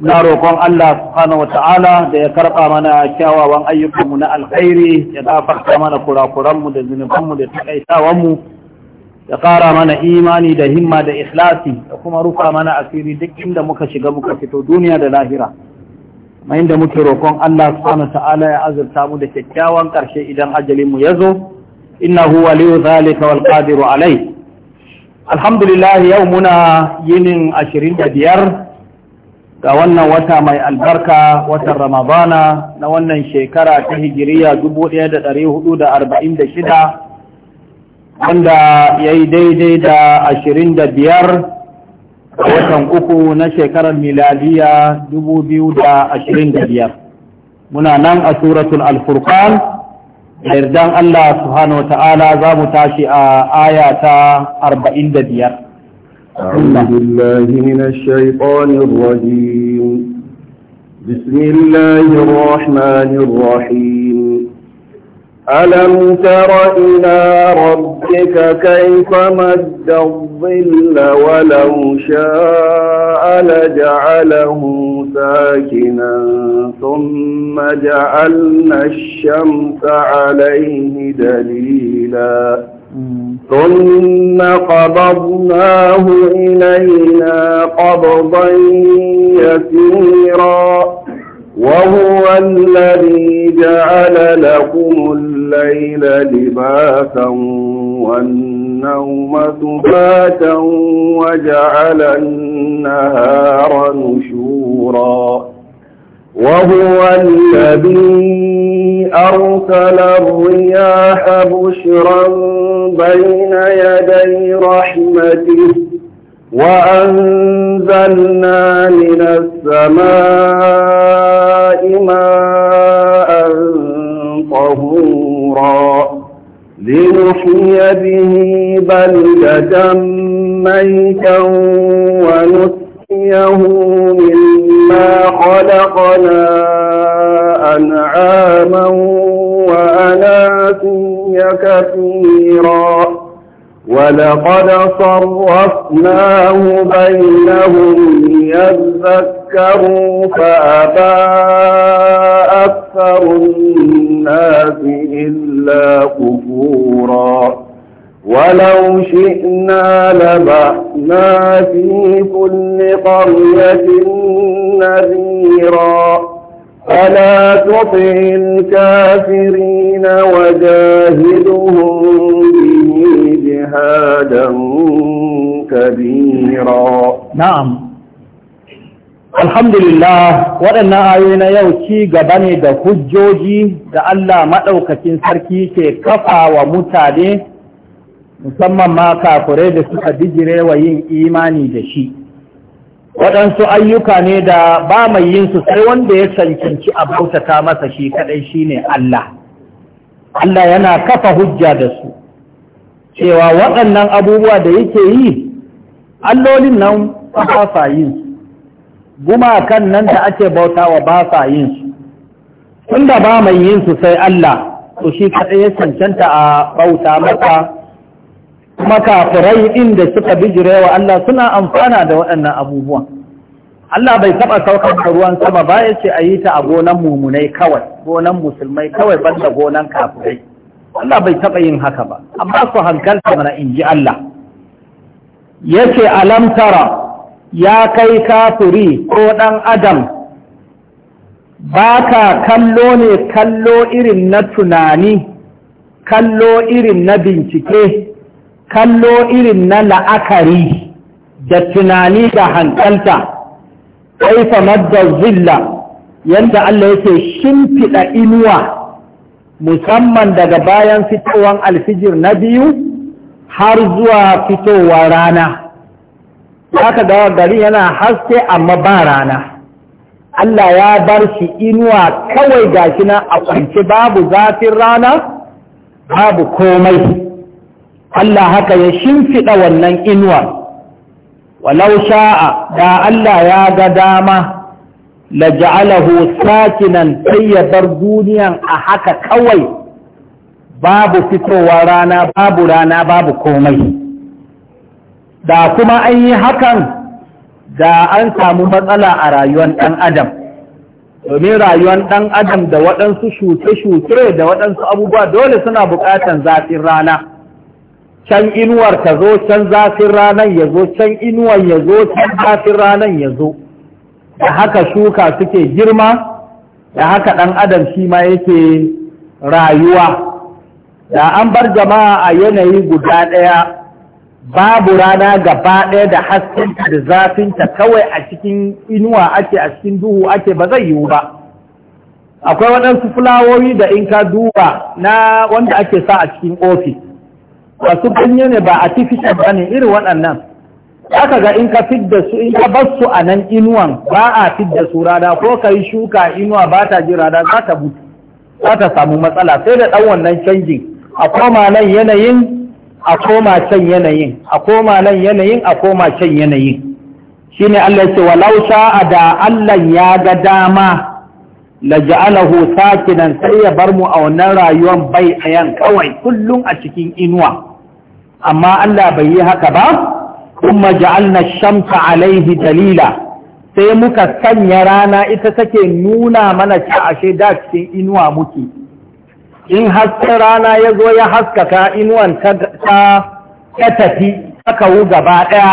na roƙon Allah subhanahu wata'ala da ya karɓa mana kyawawan ayyukanmu na alkhairi ya gafarta mana kurakuranmu da zunubanmu da takaitawanmu ya ƙara mana imani da himma da ikhlasi da kuma rufa mana asiri duk inda muka shiga muka fito duniya da lahira mai inda muke roƙon Allah subhanahu wata'ala ya azurta mu da kyakkyawan ƙarshe idan ajalin mu ya zo innahu waliyu zalika wal qadiru alai alhamdulillah yau muna yinin ashirin da biyar ga wannan wata mai albarka watan ramadana na wannan shekara ta hijiriya 1446 wanda ya yi daidai da 25 a watan uku na shekarar miladiya 2025 muna nan a suratul alfurkan a yardan Allah subhanahu ta'ala za mu tashi a aya ta 45 أعوذ بالله من الشيطان الرجيم بسم الله الرحمن الرحيم ألم تر إلى ربك كيف مد الظل ولو شاء لجعله ساكنا ثم جعلنا الشمس عليه دليلاً ثم قبضناه إلينا قبضا يسيرا وهو الذي جعل لكم الليل لباسا والنوم سباتا وجعل النهار نشورا وهو الذي أرسل الرياح بشرا بين يدي رحمته وأنزلنا من السماء ماء طهورا لنحي به بلدة ميتا ونسقيه من لما خلقنا أنعاما وأناسيا كثيرا ولقد صرفناه بينهم ليذكروا فأبى أكثر الناس إلا كفورا ولو شئنا لبعنا في كل قرية نذيرا ألا تطع الكافرين وجاهدهم به جهادا كبيرا نعم الحمد لله وانا اعينا يوشي غباني دا حجوجي دا الله ما لو كتن سركي كفا ومتاني musamman ma kafurai da suka bijire wa yin imani da shi waɗansu ayyuka ne da ba mai yin su sai wanda ya cancanci a bautata masa shi kaɗai shi ne Allah Allah yana kafa hujja da su cewa waɗannan abubuwa da yake yi allolin nan ba sa yin su gumakan nan da ake bautawa ba sa yin su tunda ba mai yin su sai Allah to shi kaɗai ya cancanta a bauta masa kuma kafirai din da suka bijire wa Allah suna amfana da waɗannan abubuwan Allah bai taɓa saukar da ruwan sama ba ya ce a yi ta a gonan mumunai kawai gonan musulmai kawai ban da gonan kafirai Allah bai taɓa yin haka ba amma su hankalta mana in ji Allah Ya ce alamtara ya kai kafiri ko ɗan adam ba ka kallo ne kallo irin na tunani kallo irin na bincike kallo irin na la'akari da tunani da hankalta kaifa madda zilla yadda Allah yake shimfiɗa inuwa musamman daga bayan fitowar alfijir na biyu har zuwa fitowar rana ka gawar gari yana haske amma ba rana Allah ya bar shi inuwa kawai gashi na a kwance babu zafin rana babu komai Allah haka ya shimfiɗa wannan inuwar walau sha'a da Allah ya ga dama la ja'alahu sakinan sai ya bar duniyan a haka kawai babu fitowa rana babu rana babu komai da kuma an yi hakan da an samu matsala a rayuwar ɗan adam domin rayuwar ɗan adam da waɗansu shuke-shuke da waɗansu abubuwa dole suna buƙatar zafin rana can inuwar ta zo can zafin ranar ya zo can inuwar ya zo can zafin ranar ya zo da haka shuka suke girma da haka ɗan adam shi ma yake rayuwa da an bar jama'a a yanayi guda ɗaya babu rana gaba ɗaya da haskinta da zafinta kawai a cikin inuwa ake a cikin duhu ake ba zai yiwu ba akwai waɗansu fulawoyi da in ka duba na wanda ake sa a cikin ofis wasu ganye ne ba a tifishin ba ne irin waɗannan aka ga in ka da su in ka bar a nan inuwan ba a fidda su rada ko ka yi shuka inuwa ba ta ji rada za ta mutu za ta samu matsala sai da ɗan wannan canjin a koma nan yanayin a koma can yanayin a koma nan yanayin a koma can yanayin shine Allah ya ce walau sha'a da Allah ya ga dama la ja'alahu sakinan sai ya bar mu a wannan rayuwar bai ayan kawai kullum a cikin inuwa amma Allah bai yi haka ba kuma ja'alna shamsa alaihi dalila sai muka sanya rana ita take nuna mana ta ashe da cikin inuwa muke in haske rana ya zo ya haskaka inuwan ta ta tafi ta kawu gaba ɗaya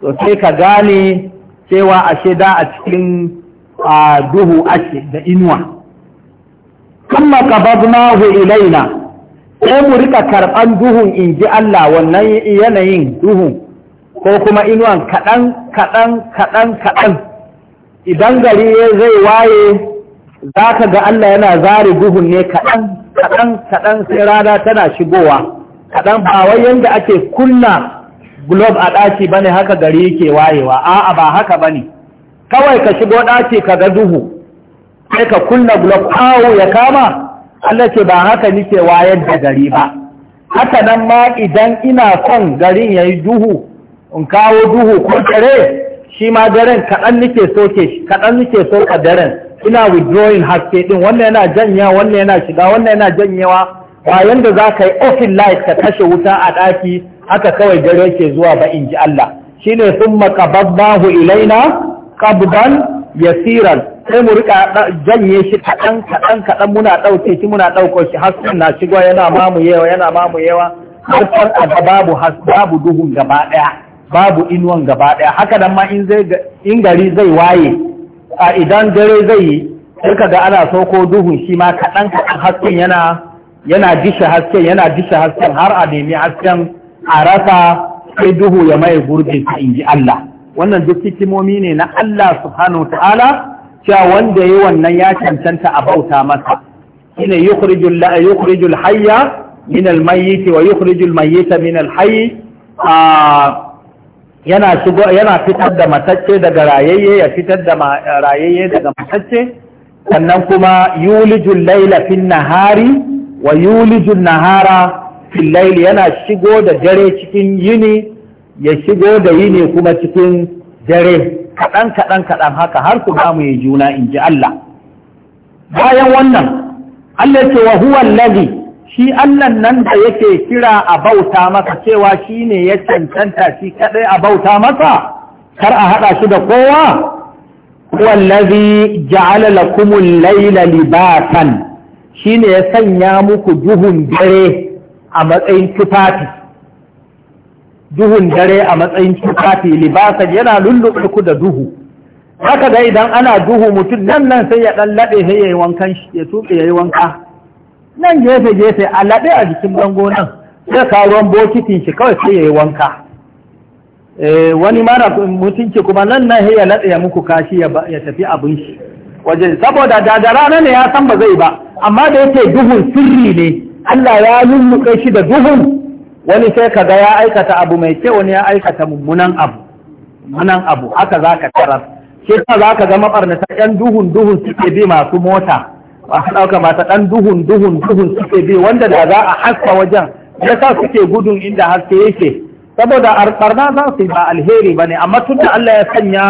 to sai ka gane cewa ashe da a cikin a duhu ake da inuwa kuma qabadnahu ilaina sai mu rika karɓan duhun in ji Allah wannan yanayin duhun ko kuma inuwan kaɗan kaɗan kaɗan kaɗan idan gari zai waye za ka ga Allah yana zari duhun ne kaɗan kaɗan kaɗan sai rana tana shigowa kaɗan ba wai yadda ake kunna globe a ɗaki ba ne haka gari yake wayewa a'a ba haka ba ne kawai ka shigo ɗaki ka ga duhu sai ka kunna blok awo ya kama Allah ce ba haka nike wayar da gari ba haka nan ma idan ina son garin ya yi duhu in kawo duhu ko dare shi ma daren kaɗan nike soke shi kaɗan nike soka daren ina withdrawing haske ɗin wannan yana janyewa wannan yana shiga wannan yana janyewa ba yanda za ka yi ofin light ka kashe wuta a ɗaki haka kawai dare ke zuwa ba in ji Allah shine sun maqabbahu ilaina qabdan yasiran sai mu rika janye shi kaɗan kaɗan kaɗan muna ɗauke shi muna ɗauko shi hasken na shigo yana mamu yawa yana mamu yawa har a babu babu duhun gaba ɗaya babu inuwan gaba ɗaya haka nan ma in zai in gari zai waye a idan dare zai yi sai ga ana sauko duhun shi ma kaɗan kaɗan hasken yana yana dishe hasken yana dishe hasken har a nemi hasken a rasa sai duhu ya maye gurbin in ji Allah wannan duk hikimomi ne na Allah subhanahu wa ta'ala cewa wanda yi wannan ya cancanta a bauta masa shine yukhrijul la yukhrijul hayya min al mayyit wa yukhrijul mayyita min hayi. yana fitar da matacce daga rayayye ya fitar da rayayye daga matacce sannan kuma yulijul laila fin nahari wa yulijul nahara fil layli yana shigo da dare cikin yini ya shigo da yi ne kuma cikin dare kaɗan kaɗan kaɗan haka har ku mu yi juna in ji Allah bayan wannan Allah ce wa huwa allazi shi Allah nan da yake kira a bauta masa cewa shi ne ya cancanta shi kaɗai a bauta masa kar a haɗa shi da kowa huwa allazi ja'ala lakumul laila libatan shi ne ya sanya muku duhun dare a matsayin tufafi duhun dare a matsayin tufafi libasan yana lulluɓe ku da duhu haka dai idan ana duhu mutum nan nan sai ya ɗan laɓe sai ya wankan shi ya tuke yayi wanka nan gefe gefe a laɓe a jikin bango nan sai ka ruwan bokitin shi kawai sai ya yi wanka eh, wani mara mutunci kuma nan nan sai ya laɓe ya muku kashi ya tafi abin shi wajen, saboda da rana ne ya san ba zai ba amma da yake duhun sirri ne Allah ya lulluɓe shi da duhun wani sai ka ga ya aikata abu mai kyau ne ya aikata mummunan abu mummunan abu haka za ka tarar shi ta za ka ga mabarnata yan duhun duhun suke bi masu mota ba ka ɗauka mata ɗan duhun duhun duhun suke bi wanda da za a haska wajen ya sa suke gudun inda haske yake saboda arɓarna za su yi ba alheri ba ne amma tun da Allah ya sanya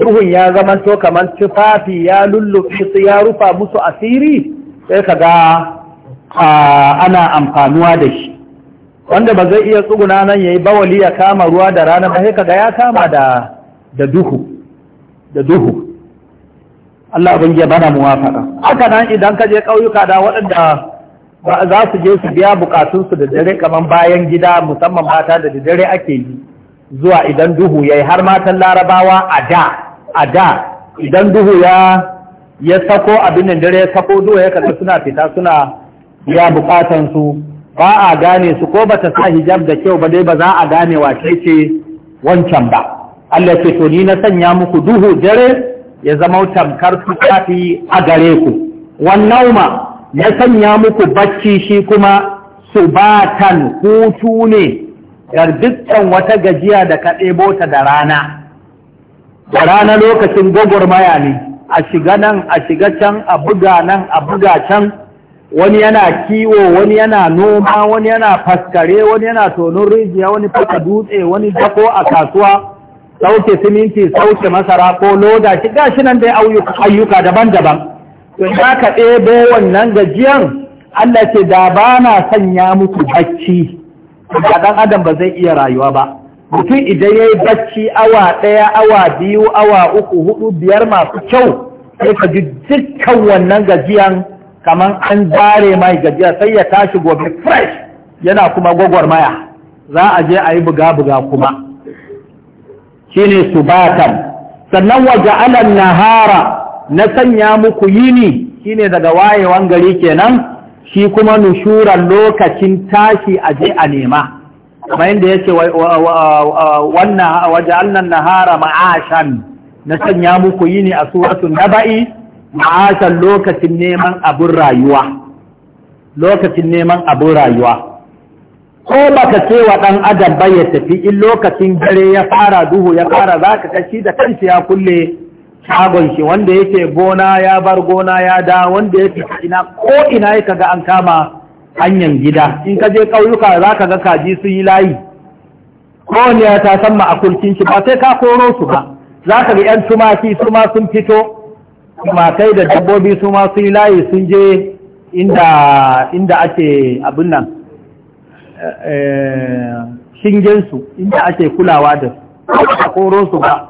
duhun ya zamanto kamar tufafi ya lullufi su ya rufa musu asiri sai ka ga ana amfanuwa da shi wanda ba zai iya tsuguna nan ya yi bawali ya kama ruwa da rana ba sai kaga ya kama da duhu da duhu Allah ubangiya bana muwafaka haka nan idan ka je kauyuka da waɗanda ba za su je su biya bukatunsu da dare kamar bayan gida musamman mata da dare ake yi zuwa idan duhu yayi har matan larabawa a da a da idan duhu ya ya sako abin da dare ya sako duhu ya kalli suna fita suna biya bukatansu ba a gane su ko bata sa hijab da kyau ba dai ba za a gane wa ce wancan ba Allah ce to ni na sanya muku duhu dare ya zama tamkar kafi a gare ku wannan ma ya sanya muku bacci shi kuma su subatan hutu ne yar dukkan wata gajiya da ka ɗebo ta da rana da rana lokacin gwagwarmaya ne a shiga nan a shiga can a buga nan a buga can wani yana kiwo wani yana noma wani yana faskare wani yana tonon rijiya wani fata dutse wani dako a kasuwa sauke siminti sauke masara ko loda shi gashi nan dai ayyuka daban-daban to ya ka ɗebo wannan gajiyan Allah ce da bana na sanya muku bacci da ɗan adam ba zai iya rayuwa ba mutum idan ya yi bacci awa ɗaya awa biyu awa uku hudu biyar masu kyau sai ka ji dukkan wannan gajiyan kaman an zare mai gajiya sai ya tashi gobe fresh yana kuma gwagwarmaya za a je a yi buga-buga kuma shine subatan sannan waje alan nahara na sanya muku yini shine daga wayewan gari kenan shi kuma nushuran lokacin tashi a je a nema kuma inda ya ce waje annan nahara ma'ashan na sanya muku yini a suratun naba'i ma'ashan lokacin neman abin rayuwa lokacin neman abin rayuwa ko baka ce wa ɗan adam ba ya tafi in lokacin dare ya fara duhu ya fara za ka kashi da kanshi ya kulle shagon shi wanda yake gona ya bar gona ya da wanda yake ina ko ina ya kaga an kama hanyar gida in ka je ƙauyuka za ka ga kaji sun yi layi ko ne ya ta san ma'akulcin shi ba sai ka koro su ba za ka ga 'yan tumaki su ma sun fito matai da dabbobi su ma yi layi sun je inda ake abin nan eh, shingensu inda ake kulawa da su koro su ba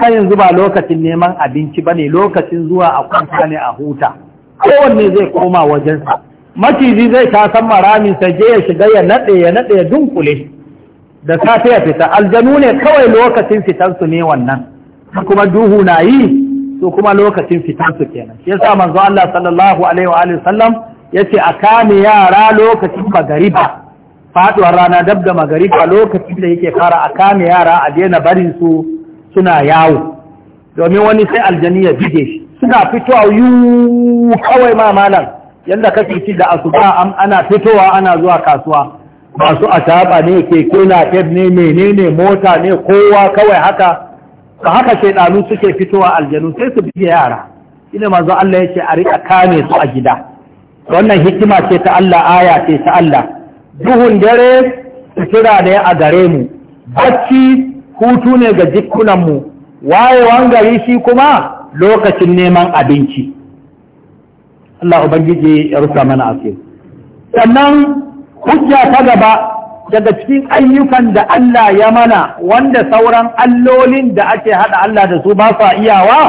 kan yanzu ba lokacin neman abinci ba ne lokacin zuwa a kwanta ne a huta kowanne zai koma wajensa maciji zai kasan maramin sa je ya shiga ya naɗe ya naɗe ya dunkule da safe ya fita aljanu ne kawai lokacin fitansu ne wannan kuma duhu na yi su kuma lokacin su kenan shi yasa manzo Allah sallallahu alaihi wa alihi sallam yace a kame yara lokacin magariba faduwar rana dabda da magariba lokacin da yake fara a kame yara a daina barin su suna yawo domin wani sai aljani ya bige shi suna fitowa yu kawai ma malam yanda kake ci da asuba ana fitowa ana zuwa kasuwa masu ataba ne keke na ne menene mota ne kowa kawai haka ba haka shaidanu suke fitowa aljanu sai su bige yara ina manzo Allah yace a rika kame su a gida wannan hikima ce ta Allah aya ce ta Allah duhun dare su kira da ya a gare mu bacci hutu ne ga jikunan mu wayewan gari shi kuma lokacin neman abinci Allah ubangiji ya rusa mana asiri sannan hujja ta gaba daga cikin ayyukan da Allah ya mana wanda sauran allolin da ake hada Allah da su ba sa iyawa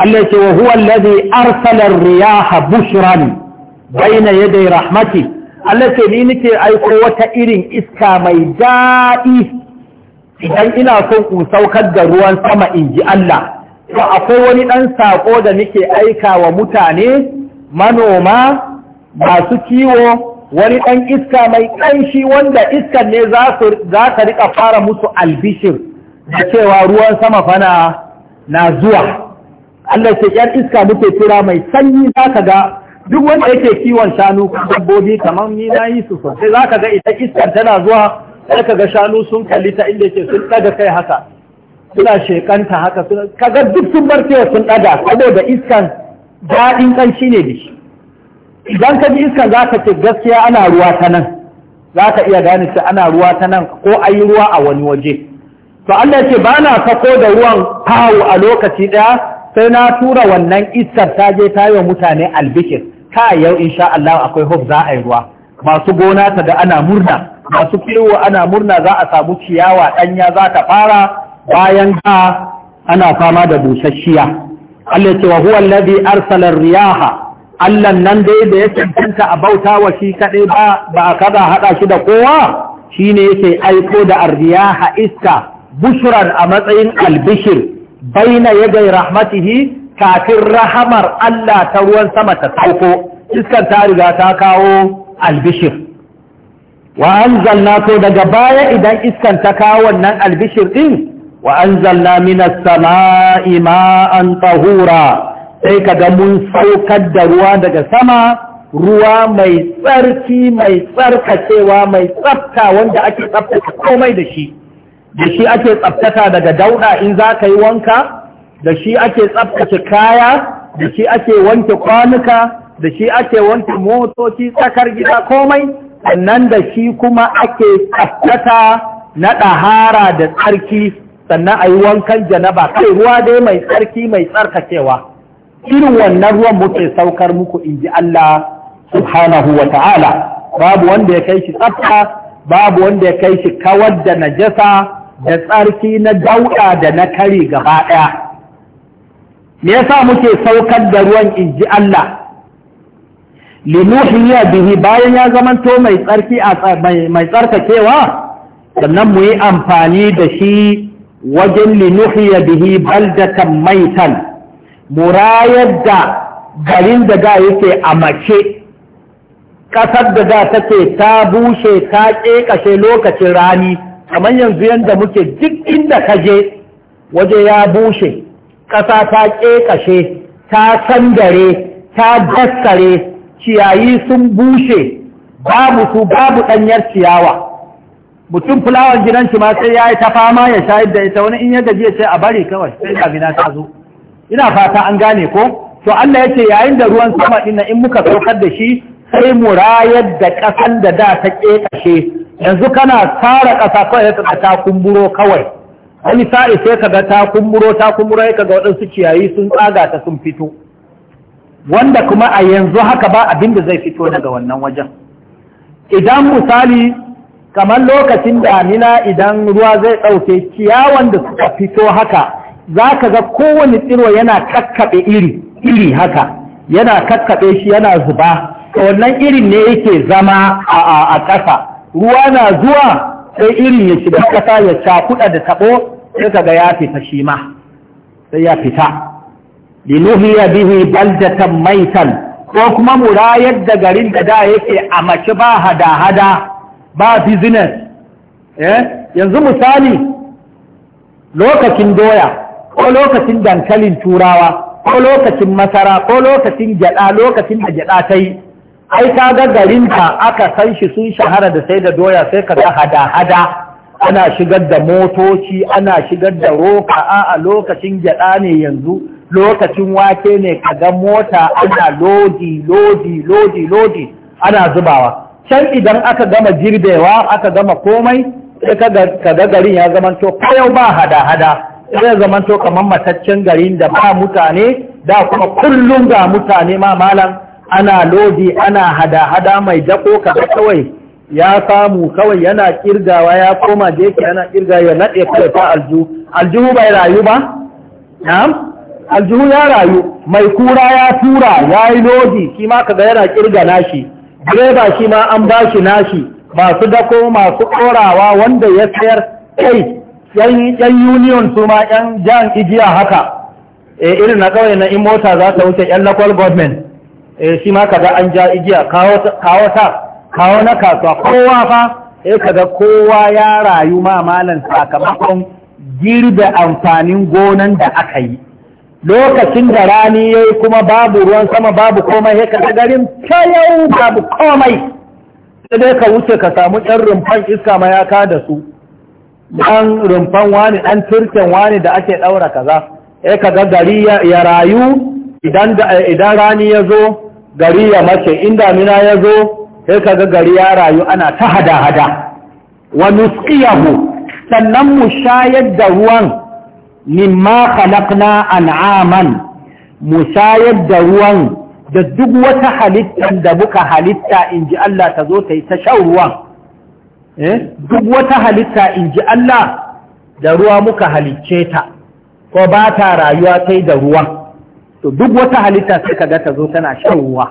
Allah ce wa huwa allazi arsala ar-riyaha bushran bayna yaday rahmati Allah ce ni nake aiko wata irin iska mai dadi idan ina son in saukar da ruwan sama in ji Allah to akwai wani dan sako da nake aika wa mutane manoma masu kiwo wani ɗan iska mai ƙanshi wanda iskan ne za ta riƙa fara musu albishir da cewa ruwan sama fana na zuwa Allah ce ‘yan iska muke kira mai sanyi za ka ga duk wanda yake kiwon shanu dabbobi kamar ni na yi su sosai za ka ga ita iskar tana zuwa sai ka ga shanu sun kalli ta inda yake sun ɗaga kai haka suna shekanta haka ka ga duk sun bar sun ɗaga saboda iskan daɗin ƙanshi ne da shi idan ka ji iska za ka ce gaskiya ana ruwa ta nan za ka iya gane ce ana ruwa ta nan ko a yi ruwa a wani waje to Allah ce ba na sako da ruwan kawo a lokaci ɗaya sai na tura wannan iskar ta je ta yi mutane albikir ka yau insha Allah akwai hof za a yi ruwa masu gona ta da ana murna masu kiwo ana murna za a samu ciyawa ɗanya za ta fara bayan ka ana fama da busasshiya Allah ce wa huwa allazi arsala riyaha Allah nan dai da ya cancanta a bauta wa shi kaɗai ba a kada haɗa shi da kowa shi ne yake aiko da ardiyaha iska bushuran a matsayin albishir baina gai rahmatihi kafin rahamar Allah ta ruwan sama ta sauko iskar ta riga ta kawo albishir wa anzalna to daga baya idan iskan ta kawo wannan albishir din wa anzalna minas sama'i ma'an tahura sai kaga mun saukar da ruwa daga sama ruwa mai tsarki mai tsarkacewa mai tsafta wanda ake tsaftaka komai da shi da shi ake tsaftata daga dauɗa in za ka yi wanka da shi ake tsaftace kaya da shi ake wanke kwanuka da shi ake wanke motoci tsakar gida komai sannan da shi kuma ake tsaftata na ɗahara da tsarki sannan a yi wankan janaba kai ruwa dai mai tsarki mai tsarkacewa irin wannan ruwan muke saukar muku in ji Allah subhanahu wa ta'ala babu wanda ya kai shi tsafta babu wanda ya kai shi kawar da najasa da tsarki na dauda da na kare gaba ɗaya me yasa muke saukar da ruwan in ji Allah linuhiya bihi bayan ya zamanto mai tsarki mai tsarkakewa sannan mu yi amfani da shi wajen linuhiya bihi baldatan maitan murayar da garin da da yake a mace ƙasar da da take ta bushe ta ƙeƙashe lokacin rani kamar yanzu yadda muke duk inda ka je waje ya bushe ƙasa ta ƙeƙashe ta sandare ta daskare ciyayi sun bushe babu su babu ɗanyar ciyawa mutum fulawar gidan shi ma sai ya yi ta fama ya shayar da ita wani in yadda jiya sai a bari kawai sai damina ta zo ina fata an gane ko to Allah yake yayin da ruwan sama din in muka saukar da shi sai mu rayar da ƙasan da da ta ƙeƙashe yanzu kana tsara ƙasa kawai ya kaga ta kumburo kawai wani sa'i sai kaga ta kumburo ta kumburo ya kaga waɗansu ciyayi sun tsaga ta sun fito wanda kuma a yanzu haka ba abin da zai fito daga wannan wajen idan misali kamar lokacin damina idan ruwa zai ɗauke ciyawan da suka fito haka za ka ga kowane tsiro yana kakkaɓe iri iri haka yana kakkaɓe shi yana zuba wannan irin ne yake zama a ƙasa ruwa na zuwa sai irin ya shiga ƙasa ya cakuɗa da taɓo sai ka ga ya fita shi ma sai ya fita linuhiya bihi baldatan maitan ko kuma mu rayar da garin da da yake a mace ba hada-hada ba business eh, yanzu misali lokacin doya ko lokacin dankalin turawa ko lokacin masara ko lokacin gyada lokacin da gyada ta yi ai ka ga ka aka san shi sun shahara da sai da doya sai ka ga hada-hada ana shigar da motoci ana shigar da roka a lokacin gyada ne yanzu lokacin wake ne ka ga mota ana lodi lodi lodi lodi ana zubawa can idan aka gama girbewa aka gama komai sai ka ga garin ya zama to yau ba hada-hada zai to kamar mataccen garin da ba mutane da kuma kullum ga mutane ma malam ana lodi ana hada-hada mai dako kada kawai ya samu kawai yana kirgawa ya koma gefe yana kirgawa ya naɗe kawai ta aljihu aljihu bai rayu ba na'am aljihu ya rayu mai kura ya tura ya yi lodi shi ma kaga yana kirga nashi direba shi ma an ba shi nashi masu dako masu ɗorawa wanda ya sayar kai yan union su ma yan jan igiya haka e irin na kawai na in mota za ta wuce yan local government e shi ma kaga an ja igiya kawo ta kawo na kasuwa kowa fa e eh, kaga kowa ya rayu ma malan sakamakon girbe amfanin gonan da aka yi lokacin da rani ya yi kuma babu ruwan sama babu komai ya kasa garin yau babu komai sai dai ka wuce ka samu yan rumfan iska ma mayaka da su Ɗan rumfan wani ɗan turken wani da ake ɗaura kaza eh kaga gari ya rayu idan rani ya zo gari ya mace in damina ya zo sai kaga gari ya rayu ana ta hada hada wa nusqiyahu sannan mu shayar da ruwan mimma khalaqna an'aman mu shayar da ruwan da duk wata halitta da muka halitta inji Allah ta zo ta yi ta shan ruwan Eh? duk wata halitta in ji Allah da ruwa muka halicce ta ko ba ta rayuwa sai da ruwa to duk wata halitta sai ka ta zo tana shan ruwa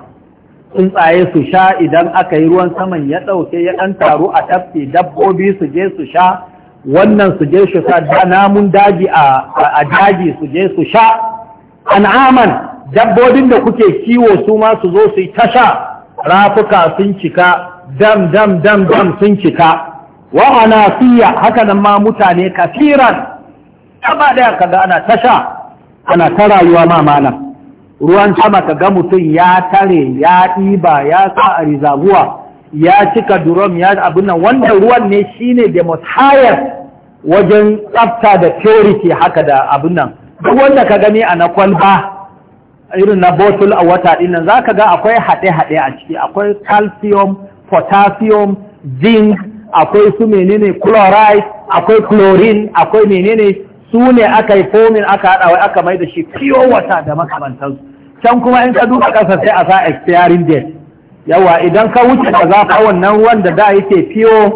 tsuntsaye su sha idan aka yi ruwan saman ya ɗauke ya ɗan taru a tafi dabbobi su je su sha wannan su je su sha namun daji a daji su je su sha an'aman dabbobin da kuke kiwo su ma su zo su yi ta sha rafuka sun cika dam dam dam dam sun cika wa fiya haka nan ma mutane kafiran gaba daya kaga ana tasha ana ta rayuwa ma malam ruwan sama kaga mutum ya tare ya ɗiba ya sa a rizabuwa ya cika durom ya abin nan wannan ruwan ne shine the most wajen tsafta da purity haka da abin nan duk wanda ka gani a na kwalba irin na botul a wata ɗin nan ga akwai hade hade a ciki akwai calcium potassium zinc akwai su menene chloride akwai chlorine akwai menene su ne aka yi fomin aka haɗa wai aka mai da shi pure water da makamantansu can kuma in ka duka ƙasa sai a sa expiring date yawa idan ka wuce ka za ka wannan wanda da yake pure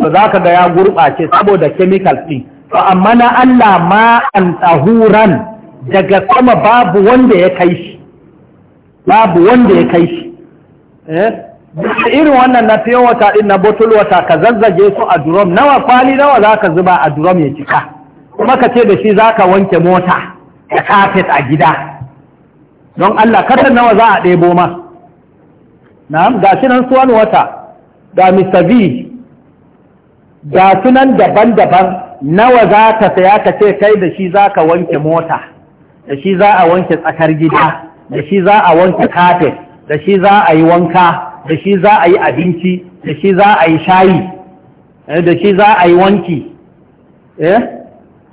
to za ka ga ya gurɓace saboda chemical ɗin to amma na Allah ma an tsahuran daga sama babu wanda ya kai shi babu wanda ya kai shi eh? da irin wannan na fiye wata ɗin na botol wata ka zazzage su a durom nawa kwali nawa za ka zuba a durom ya cika kuma ka ce da shi za ka wanke mota da kafet a gida don Allah kasar nawa za a ɗebo ma na ga shi nan wani wata ga Mr. V ga nan daban-daban nawa za ka saya ka ce kai da shi za ka wanke mota da shi za a wanke tsakar gida da shi za a wanke kafet da shi za a yi wanka da shi za a yi abinci da shi za a yi shayi eh, da shi za a yi wanki eh,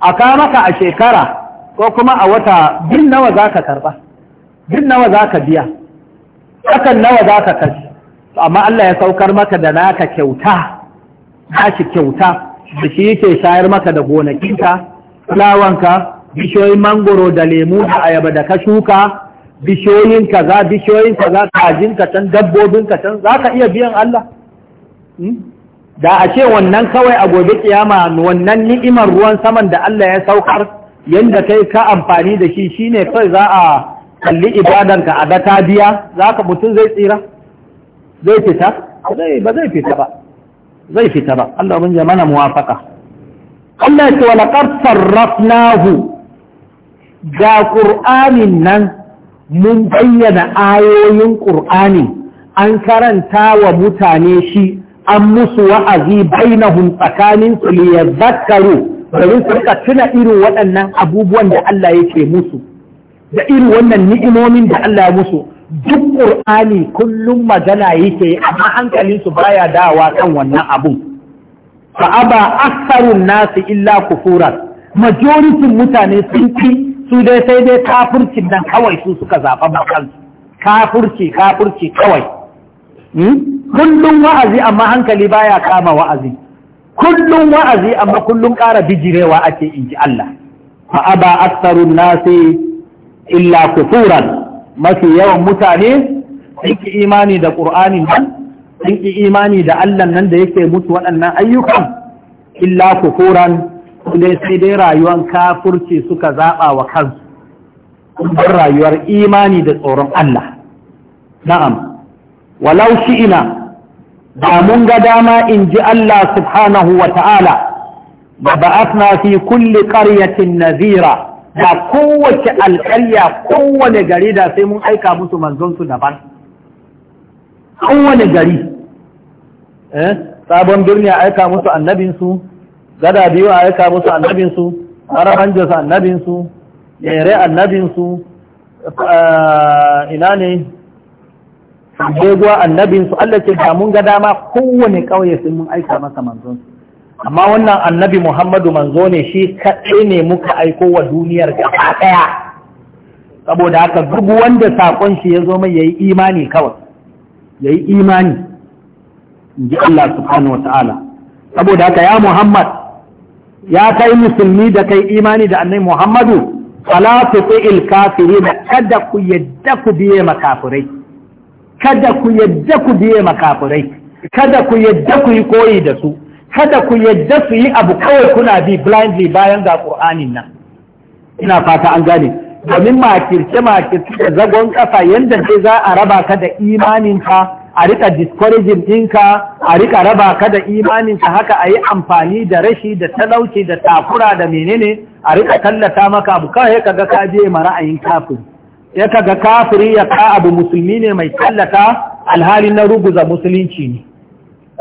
a maka a shekara ko kuma a wata bin nawa za ka karba bin nawa za ka biya akan nawa za ka kashi amma Allah ya saukar maka da naka kyauta shi kyauta da shi yake shayar maka da gonakinka fulawanka bishiyoyin mangoro da lemu da ayaba da ka shuka bishoyin kaza bishoyin kaza kajin ka can dabbobin ka can za ka iya biyan Allah hmm? da a ce wannan kawai a gobe kiyama wannan ni'imar ruwan saman da Allah ya saukar yanda kai ka amfani da shi shine kai za a kalli ka a ta biya za ka mutum zai tsira zai fita ba zai fita ba zai fita ba Allah bin mana muwafaka Allah ya ce wa laqad sarrafnahu da qur'anin nan mun bayyana ayoyin ƙur'ani an karanta wa mutane shi an musu wa'azi hun tsakanin su ya yadhakkaru domin su tuna irin waɗannan abubuwan da Allah yake musu da irin wannan ni'imomin da Allah ya musu duk ƙur'ani kullum magana yake amma hankalin su baya dawa kan wannan abun fa aba aktharun nasu illa kufuran majoritin mutane sun fi su dai sai dai kafircin nan kawai su suka zaɓa ba kansu kafirci kafirci kawai hmm? kullum wa'azi amma hankali baya kama wa'azi kullum wa'azi amma kullum ƙara bijirewa ake in ji Allah fa aba na nasi illa kufuran mafi yawan mutane sun ki imani da ƙur'ani nan sun ki imani da Allah nan da yake mutu waɗannan ayyukan illa kufuran dai sai dai rayuwar kafurci suka zaɓa wa kansu don rayuwar imani da tsoron Allah na'am walau ina Ba mun ga dama in ji Allah subhanahu wa ta'ala ba ba'athna fi kulli qaryatin nazira da kowace alƙarya kowane gari da sai mun aika musu manzonsu daban kowane gari eh sabon birni a aika musu annabinsu gada biyu a yaka musu annabinsu arabanjinsu annabinsu yare annabinsu ina ne beguwa annabinsu Allah ce da mun ga dama kowane ƙauye sun mun aika masa manzon amma wannan annabi Muhammadu manzo ne shi kaɗai ne muka aiko wa duniyar gaba ɗaya saboda haka duk wanda saƙon shi ya zo mai yi imani kawai yi imani in ji Allah subhanahu wa ta'ala saboda haka ya Muhammad ya kai musulmi da kai imani da annai muhammadu salatu fi'il kafiri kada ku yadda ku biye makafirai kada ku yadda ku biye makafirai kada ku yadda ku yi koyi da su kada ku yadda su yi abu kawai kuna bi blindly bayan ga ƙur'anin nan ina fata an gane domin makirce makirce da zagon ƙasa yadda sai za a raba ka da imaninka a rika discouraging ɗinka a rika raba ka da imanin imaninka haka a yi amfani da rashi da talauci da takura da menene a rika tallata maka abu kawai ka ga kaje ma ra'ayin kafin ya ka ga kafiri ya ka abu musulmi ne mai tallata alhali na ruguza musulunci ne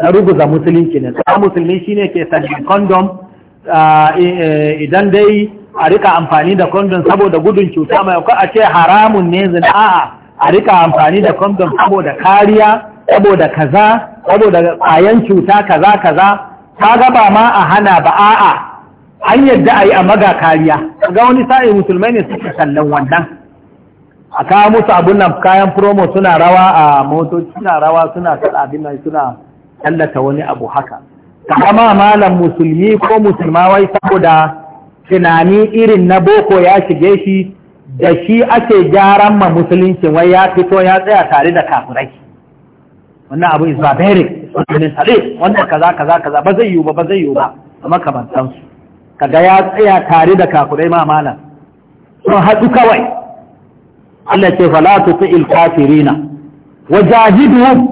na ruguza musulunci ne tsara musulmi shine ke sanin condom e, e, idan dai a rika amfani da condom saboda gudun cuta mai a ce haramun ne zina a'a a rika amfani da condom saboda kariya saboda kaza saboda ƙayan cuta kaza kaza ta gaba ma a hana ba a'a an yadda a yi a maga kariya ga wani sa'i musulmai ne suke sallan wannan a kawo musu abun nan kayan promo suna rawa a motoci suna rawa suna abin nan suna tallata wani abu haka ta kama malam musulmi ko musulma wai saboda tunani irin na boko ya shige shi da shi ake gyaran ma musulunci wai ya fito ya tsaya tare da kafirai wannan abu is barbaric wannan tare wannan kaza kaza kaza ba zai yiwu ba ba zai yiwu ba amma kamantan su kaga ya tsaya tare da kafirai ma malam sun haɗu kawai Allah ce fala tuti'il kafirina wajahiduhum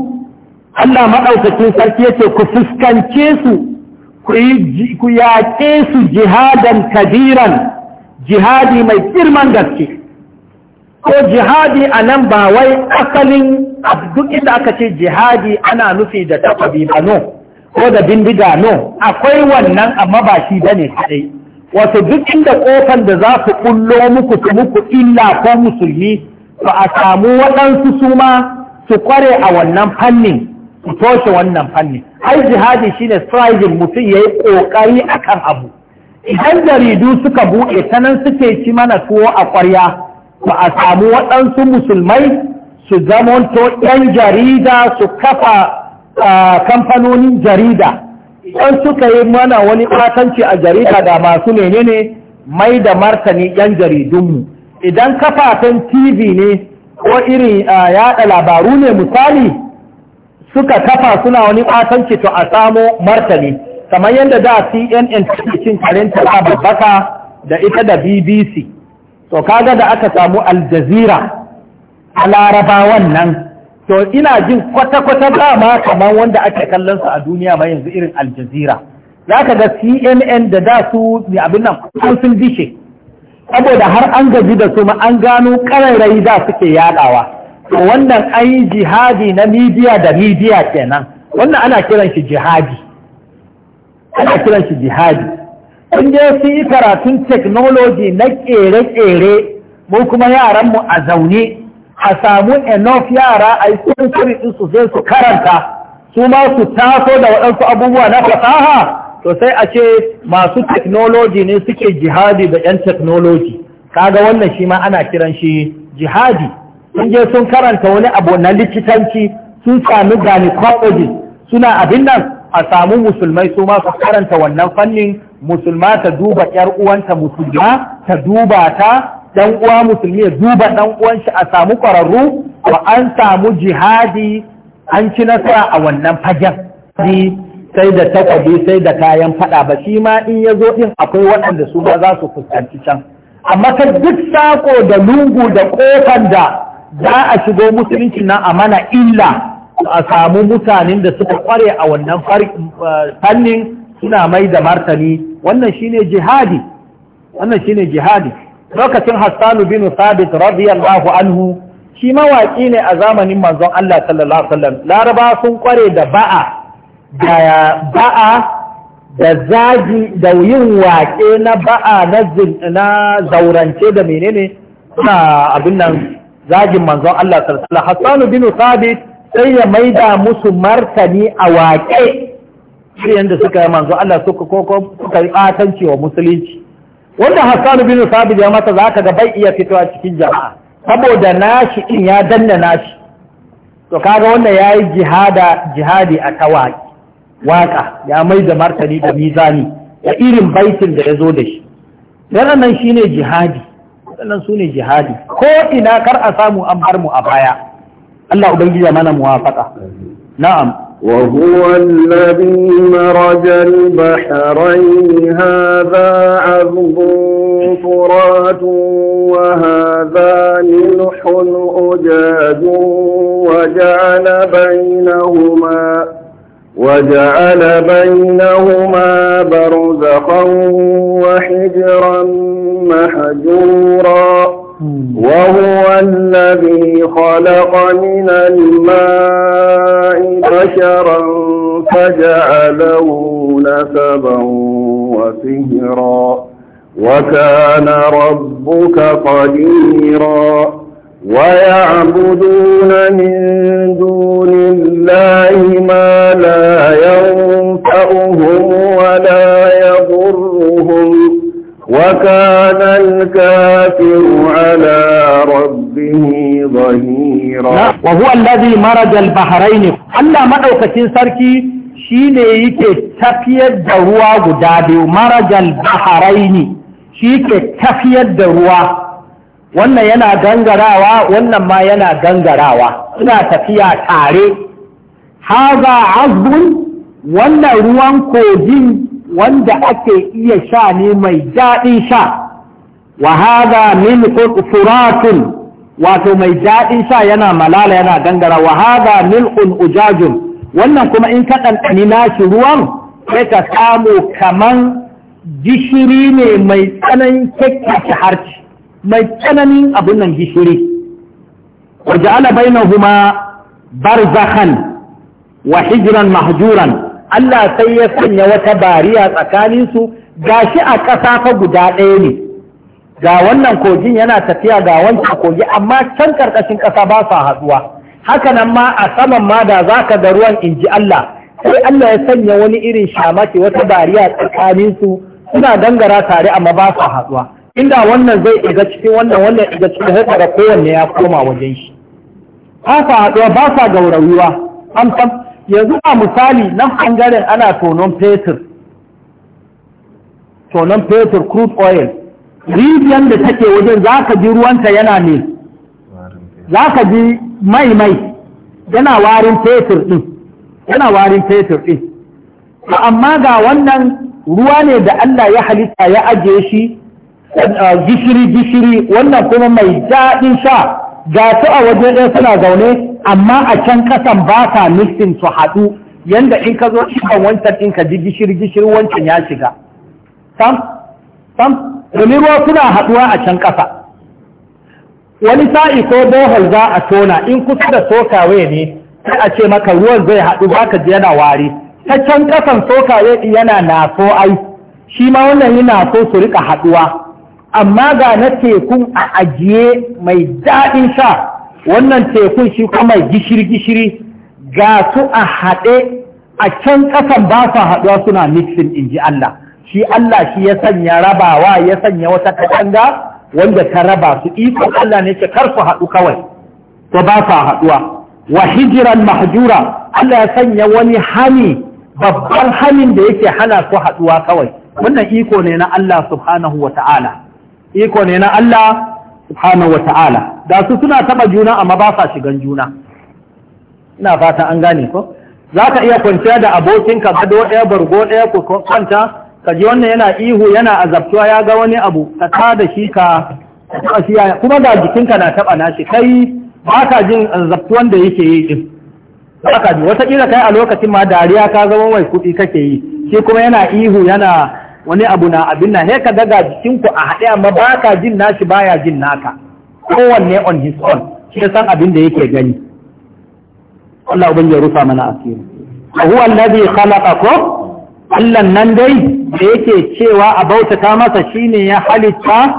Allah madaukakin sarki yace ku fuskance su ku yaƙe su jihadan kabiran jihadi mai girman gaske ko jihadi a nan ba wai asalin duk inda aka ce jihadi ana nufi da takwabi ba no ko da bindiga no akwai wannan amma ba shi ba ne kaɗai wato duk inda ƙofan da za su ƙullo muku su muku illa ko musulmi to a samu waɗansu su ma su kware a wannan fannin su toshe wannan fannin ai jihadi shine striving mutum ya yi ƙoƙari kan abu idan jaridu suka buɗe ta nan suke ci mana tuwo a ƙwarya ba a samu waɗansu musulmai su zamanto 'yan jarida su kafa kamfanonin jarida ɗan suka yi mana wani ɓatanci a jarida da masu menene mai da martani 'yan jaridunmu idan kafafen tv ne ko irin yaɗa labaru ne misali suka kafa suna wani ɓatanci to a samo martani kamar yadda da cnn cin karenta ta babbaka da ita da bbc to kaga da aka samu aljazira a larabawan nan to ina jin kwata-kwata dama kamar wanda ake kallon su a duniya ma yanzu irin aljazira za ka ga cnn da da su abin nan kusan sun dishe saboda har an gaji da su ma an gano kararrai da suke yadawa to wannan an yi jihadi na midiya da midiya kenan wannan ana kiran shi jihadi ana kiran shi jihadi in je sun yi karatun technology na ƙere-ƙere mu kuma yaranmu a zaune a samu enough yara a yi sentiri su zai su karanta su ma su taso da waɗansu abubuwa na fasaha to sai a ce masu teknoloji ne suke jihadi da 'yan teknoloji kaga wannan shi ma ana kiran shi jihadi sun je sun karanta wani abu na likitanci sun sami gynecology suna abin nan a samu musulmai su ma su karanta wannan fannin musulma ta duba ‘yar uwanta musulma ta duba ta ɗan uwa musulmi ya duba ɗan uwan shi a samu ƙwararru wa an samu jihadi an ci nasara a wannan fagen sai da takwabi sai da kayan faɗa ba shi ma in ya zo ɗin akwai waɗanda su ba za su fuskanci can amma ta duk sako da lungu da ƙofan da za a shigo musulunci nan a mana illa a samu mutanen da suka ƙware a wannan eh, fannin suna mai da martani wannan shine jihadi wannan shine jihadi lokacin Hassanu bin Sabit radiyallahu anhu shi mawaki ne a zamanin manzon Allah sallallahu alaihi wasallam Laraba sun kware da ba'a da ba'a da zagi da yin waƙe na ba'a na zaurance da menene suna abin nan zagin manzon Allah sallallahu alaihi wasallam Hassanu bin Sabit sai ya maida musu martani a waƙe shirya da suka yi manzo Allah suka koko suka yi ɓatanci wa musulunci wanda Hassan bin Sabit ya mata za ka ga bai iya fitowa cikin jama'a saboda nashi in ya danna nashi to kaga wanda ya yi jihada jihadi a tawaki waka ya mai da martani da mizani da irin baitin da ya zo da shi waɗannan shi ne jihadi waɗannan su ne jihadi ko ina kar a samu an bar mu a baya Allah ubangiji mana muwafaka na'am وهو الذي مرج البحرين هذا عذب فرات وهذا ملح أجاج وجعل بينهما وجعل بينهما برزخا وحجرا محجورا وهو الذي خلق من الماء بشرا فجعله نسبا وسهرا وكان ربك قديرا ويعبدون من دون الله ما لا ينفعهم ولا يضرهم وكان الكافر على ربه ظهيرا وهو الذي مرج البحرين الله مدوكتين سركي shine yake tafiyar da ruwa guda biyu marajal baharaini shi ke tafiyar da ruwa wannan yana gangarawa wannan ma yana gangarawa suna tafiya tare haza azbun wannan ruwan kogin wanda ake iya sha ne mai daɗin sha wa hada min furatun wato mai daɗin sha yana malala yana gangara wa hada mil'un ujajun wannan kuma in ka ɗanɗani nashi ruwan sai ka samu kaman gishiri ne mai tsananin kyakkyace harci mai tsananin abun nan gishiri wa ja'ala bainahuma barzakhan wa hijran mahjuran Allah sai ya sanya wata bariya tsakaninsu shi a ƙasa fa guda ɗaya ne ga wannan kogin yana tafiya ga wancan kogi amma can ƙarƙashin ƙasa ba sa haɗuwa haka nan ma a saman ma da za ka ga ruwan inji Allah sai Allah ya sanya wani irin shamaki wata bariya tsakaninsu suna dangara tare amma ba sa haɗuwa inda wannan zai iga cikin wannan wannan iga cikin sai daga kowanne ya koma wajen shi ba sa haɗuwa ba sa an san. yanzu a misali nan ɓangaren ana tonon fetur tonon fetur crude oil rijiyar da take wajen za ka ji ruwanta yana ne za ka ji mai mai yana warin fetur ɗin yana warin fetur ɗin amma ga wannan ruwa ne da Allah ya halitta ya ajiye shi eh, gishiri gishiri wannan kuma mai daɗin sha ga su a waje ɗaya suna zaune amma a can kasan ba sa mixin su haɗu yanda in ka zo cikin wancan in ka ji gishir gishir wancan ya shiga sam sam domin ruwa suna haɗuwa a can ƙasa wani sa'i ko bohol za a tona in kusa da sokawe ne sai a ce maka ruwan zai haɗu ba ka ji yana wari ta can ƙasan sokawe yana naso ai shi ma wannan yana so su rika haɗuwa amma ga na tekun a ajiye mai daɗin sha wannan tekun shi kuma gishiri-gishiri ga su a haɗe a can ƙasan ba su haɗuwa suna mixin in ji Allah shi Allah shi ya sanya rabawa ya sanya wata katanga wanda ta raba su iko Allah ne ce kar su haɗu kawai to ba su haɗuwa wa hijiran mahjura Allah ya sanya wani hani babban hanin da yake hana su haɗuwa kawai wannan iko ne na Allah subhanahu wa ta'ala iko ne na Allah wa ta'ala da su suna taba juna amma ba sa shigan juna ina fata an gane ko za ka iya kwanciya da abokinka gado ɗaya bargo ɗaya ku kwanta ka ji wannan yana ihu yana azabtuwa ya ga wani abu ka ta da shi ka kuma da jikinka na taba nashi kai ba ka jin azabtuwan da yake yi din ba ka ji wataƙila kai a lokacin ma dariya ka zama mai kuɗi kake yi shi kuma yana ihu yana wani abu na abin na heka daga jikinku a haɗe amma ba ka jin nashi baya jin naka kowanne on his own shi san abin da yake gani Allah ubangiji ya rufa mana asiri wa huwa allazi ko Allah nan dai da yake cewa a bautata masa shine ya halitta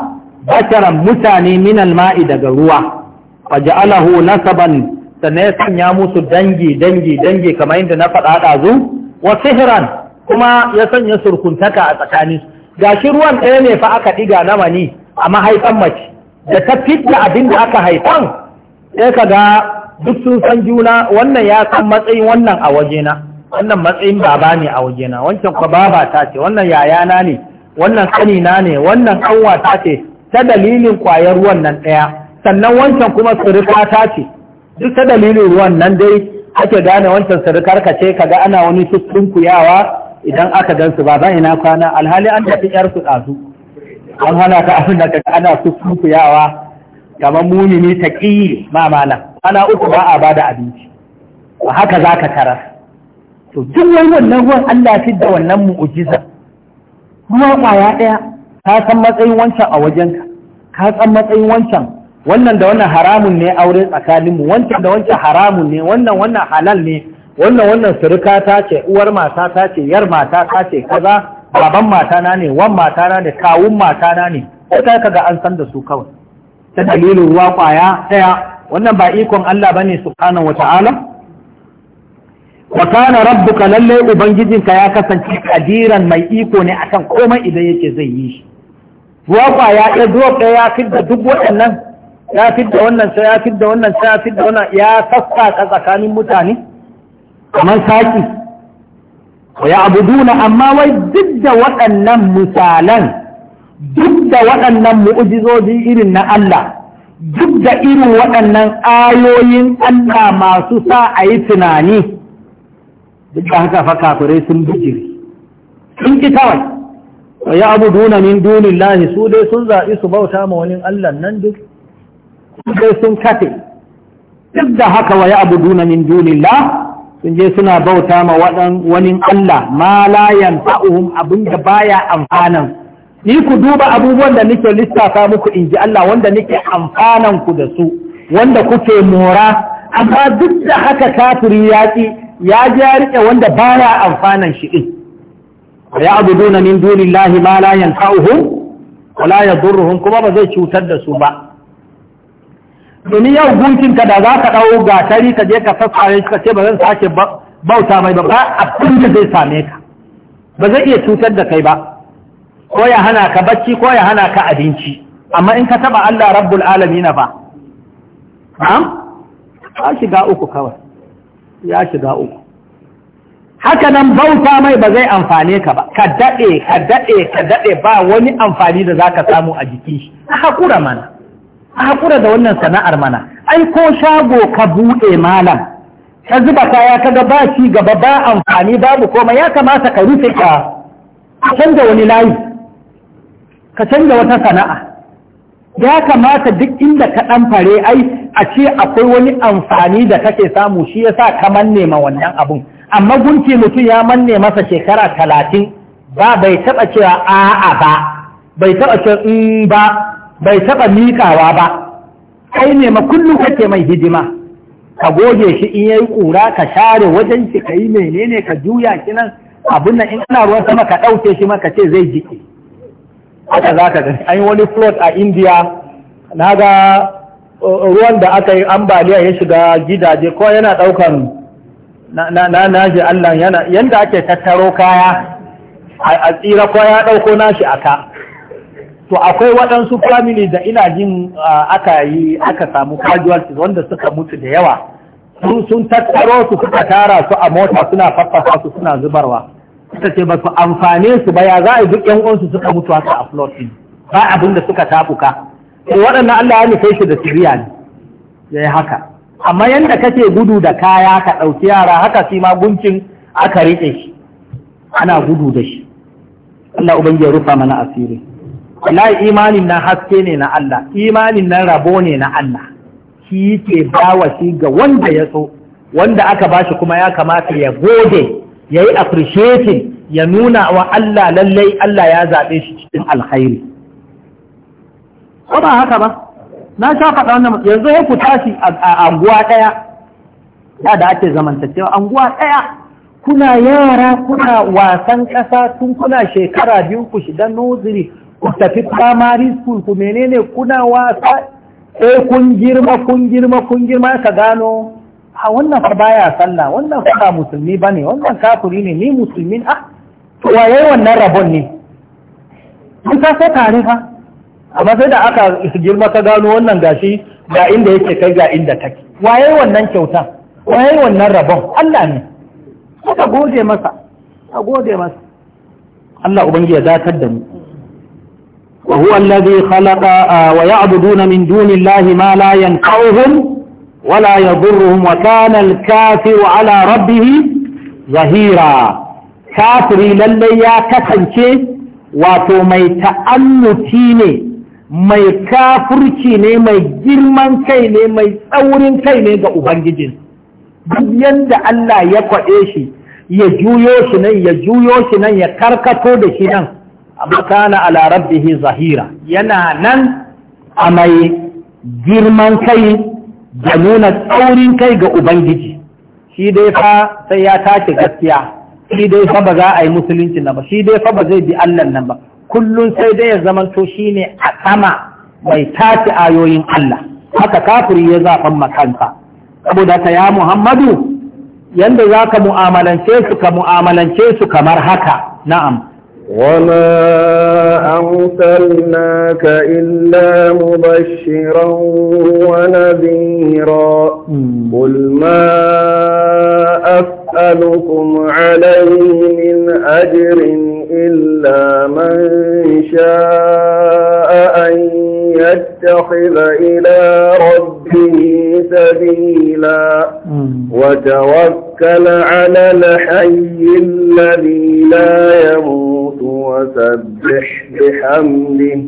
bataran mutane min alma'i daga ruwa wa ja'alahu nasaban sannan ya sanya musu dangi dangi dangi kamar yadda na faɗa ɗazu wa sihran kuma ya sanya surkuntaka a tsakani shi ruwan ɗaya ne fa aka ɗiga na mani a mahaifan mace da ta fitta abin da aka haifan sai ka ga duk sun san juna wannan ya san matsayin wannan a wajena wannan matsayin baba ne a wajena wancan kwa baba ta ce wannan yayana ne wannan kanina ne wannan ƙanwa ta ce ta dalilin kwayar ruwan nan ɗaya sannan wancan kuma surika ta ce duk ta dalilin ruwan nan dai ake gane wancan surikar ka ce kaga ana wani sussunkuyawa idan aka gansu ba ba ina kwana alhali an tafi yar su ɗazu an hana ka abin da kaga ana su kukuyawa kamar mumini ta ƙi ma malam ana uku ba a bada abinci a haka za ka tarar to duk wani wannan ruwan Allah fi da wannan mu'ujiza ruwa kwaya ɗaya ka san matsayin wancan a wajenka ka san matsayin wancan wannan da wannan haramun ne aure tsakaninmu wancan da wancan haramun ne wannan wannan halal ne wannan wannan surika ta ce uwar mata ta ce yar mata ta ce kaza baban mata na ne wan mata na ne kawun mata na ne ko ta kaga an san da su kawai ta dalilin ruwa kwaya daya wannan ba ikon Allah bane subhanahu wata'ala wa kana rabbuka lalle ubangijinka ya kasance kadiran mai iko ne akan komai idan yake zai yi shi ruwa kwaya ya zuwa ɗaya ya fidda duk waɗannan ya fidda wannan sai ya fidda wannan sai ya fidda wannan ya sassa tsakanin mutane kamar saki wa ya abuduna amma wai duk da waɗannan misalan duk da waɗannan mu'ujizoji irin na Allah duk da irin waɗannan ayoyin Allah masu sa a yi tunani duk da haka fa kafirai sun bijiri sun ki kawai wa ya abuduna min lahi su dai sun zaɓi su bauta ma wani Allah nan duk su dai sun kafe duk da haka wa ya abuduna min lahi sun je suna bauta ma waɗan wani Allah ma la yanfa'uhum abin da baya amfanan ni ku duba abubuwan da nake lissafa muku in ji Allah wanda nake amfanan ku da su wanda kuke mora amma duk da haka kafiri ya ki ya ji ya wanda baya amfanan shi ɗin. ya abuduna min dunillahi ma la yanfa'uhum wala yadurruhum kuma ba zai cutar da su ba domin yau gunkinka da za ka ɗau gatari ka je ka sassare shi ka ce ba zan sake bauta mai ba ba abin da zai same ka ba zai iya cutar da kai ba ko ya hana ka bacci ko ya hana ka abinci amma in ka taba Allah rabbul alamin ba na'am ya shiga uku kawai ya shiga uku haka nan bauta mai ba zai amfane ka ba ka daɗe ka daɗe ka daɗe ba wani amfani da zaka samu a jikin shi haƙura hakura mana a haƙura da wannan sana'ar mana ai ko shago ka buɗe malam ka zuba kaya ka ba ci gaba ba amfani babu koma. ya kamata ka rufe ka canza wani layi ka canza wata sana'a ya kamata duk inda ka ɗan fare ai a ce akwai wani amfani da kake samu shi yasa ka manne ma wannan abun amma gunki mutum ya manne masa shekara talatin ba bai taɓa cewa a'a ba bai taɓa cewa in mm, ba bai taɓa miƙawa ba kai ne ma kake mai hidima ka goge shi in yayi ƙura ka share wajen shi ka yi menene ka juya shi nan abin nan in ana ruwan sama ka ɗauke shi maka ce zai jiki haka za ka gani an yi wani flot a india na ga uh, ruwan da aka yi ambaliya ya shiga gidaje ko yana ɗaukan na naji allah yana yanda ake tattaro kaya a tsira ko ya ɗauko nashi a ka to akwai waɗansu family da ina jin aka yi aka samu casualties wanda suka mutu da yawa sun tattaro su suka tara su a mota suna faffasa su suna zubarwa suka ce ba su amfane su ba ya za a duk yan uwansu suka mutu haka a floating ba abin da suka tafuka to waɗannan Allah ya nufe shi da siriya ne yayi haka amma yanda kake gudu da kaya ka ɗauki yara haka shi ma guncin aka riƙe shi ana gudu da shi Allah ubangiji ya rufa mana asiri wallahi imanin nan haske ne na Allah imanin nan rabo ne na Allah shi ke bawa shi ga wanda ya so wanda aka bashi kuma ya kamata ya gode ya yi appreciating ya nuna wa Allah lallai Allah ya zaɓe shi cikin alkhairi ko ba haka ba na sha faɗa wannan yanzu ya ku tashi a anguwa ɗaya da da ake zamantacewa anguwa ɗaya kuna yara kuna wasan ƙasa tun kuna shekara biyu ku shiga nuziri ku tafi primary school ku menene kuna wasa eh kun girma kun girma kun girma ka gano a wannan fa baya sallah wannan fa ba musulmi bane wannan kafiri ne ni musulmin ah to waye wannan rabon ne kun ta sai tare fa amma sai da aka girma ka gano wannan gashi ga inda yake kai ga inda take waye wannan kyauta waye wannan rabon Allah ne ka gode masa ka gode masa Allah ubangiji ya zatar da mu وهو الذي خلق ويعبدون من دون الله ما لا ينفعهم ولا يضرهم وكان الكافر على ربه ظهيرا kafiri lallai ya kasance wato mai ta'annuti ne mai kafurci ne mai girman kai ne mai tsaurin kai ne ga ubangijin duk yadda Allah ya kwaɗe shi ya juyo shi nan ya juyo shi nan ya karkato da shi nan amma kana ala rabbihi zahira yana nan a mai girman kai da nuna tsaurin kai ga ubangiji shi dai fa sai ya tace gaskiya shi dai fa ba za a yi musulunci nan ba shi dai fa ba zai bi Allah nan ba kullun sai dai ya zama to shine a sama mai tace ayoyin Allah haka kafiri ya zaɓan makansa saboda ka ya Muhammadu yanda za ka mu'amalance su ka mu'amalance su kamar haka na'am وما أرسلناك إلا مبشرا ونذيرا قل ما أفعل أسألكم عليه من أجر إلا من شاء أن يتخذ إلى ربه سبيلا وتوكل على الحي الذي لا يموت وسبح بحمده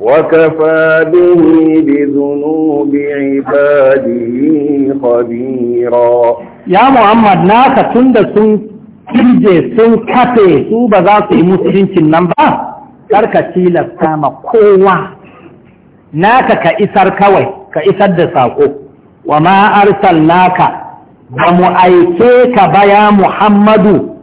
وكفى به بذنوب عباده خبيرا ya muhammad naka tun da sun kirje sun kafe su ba za su yi musuluncin nan ba karka tilasta ma kowa naka ka isar kawai ka isar da saƙo. wa ma'arsal naka ba mu aike ka baya muhammadu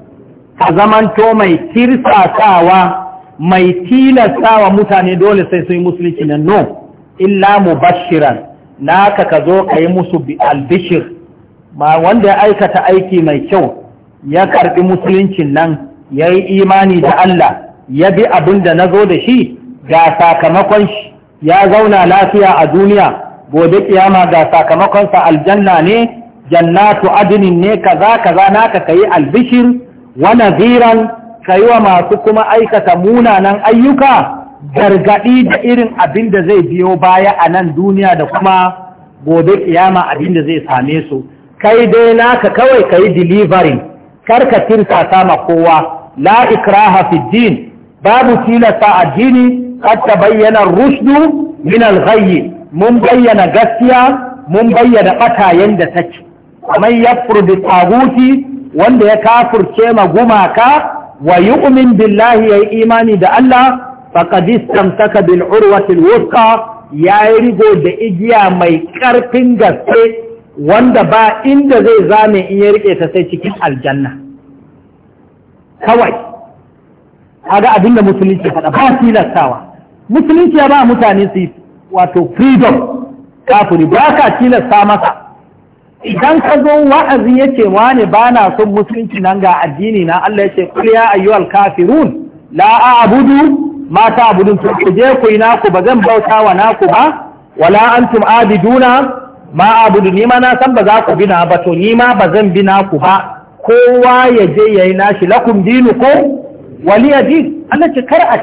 ka zamanto mai kirsatawa mai tilastawa mutane dole sai sun yi musuluncin nan no illa mubashiran naka ka zo ka yi musu albishir ba wanda ya aikata aiki mai kyau ya karɓi musuluncin nan ya yi imani da Allah ya bi abin da na zo da shi ga sakamakon shi ya zauna lafiya a duniya gobe kiyama ga sakamakonsa aljanna ne jannatu adinin ne kaza kaza naka kayi albishir wa naziran yi wa masu kuma aikata munanan ayyuka gargadi da irin abin da zai biyo baya a nan duniya da kuma gobe kiyama abin da zai same su kai dai naka kawai kayi delivery karka tirsa sama kowa la ikraha fi din babu tilasta addini qad bayyana rushdu min al mun bayyana gaskiya mun bayyana bata yanda take kamar yafur bi taguti wanda ya kafurce ma gumaka wa yu'min billahi yayi imani da Allah faqad saka bil urwati al ya yayi rigo da igiya mai karfin gaske wanda ba inda zai zame in ya rike ta sai cikin aljanna kawai kaga abin da musulunci faɗa ba tilastawa musulunci ya ba mutane su wato freedom kafuri ba ka tilasta masa idan ka zo wa'azi ya ce ne ba na son musulunci nan ga addini na Allah ya ce kul ya ayyuhal kafirun la a'budu ma ta'budun ku je ku ina ku ba zan bauta wa naku ba wala antum abiduna ma abudu ni ma na san ba za ku bina ba to ni ba zan bina ku ba kowa ya je ya yi nashi lakum dinu ko wali ya Allah ce kar a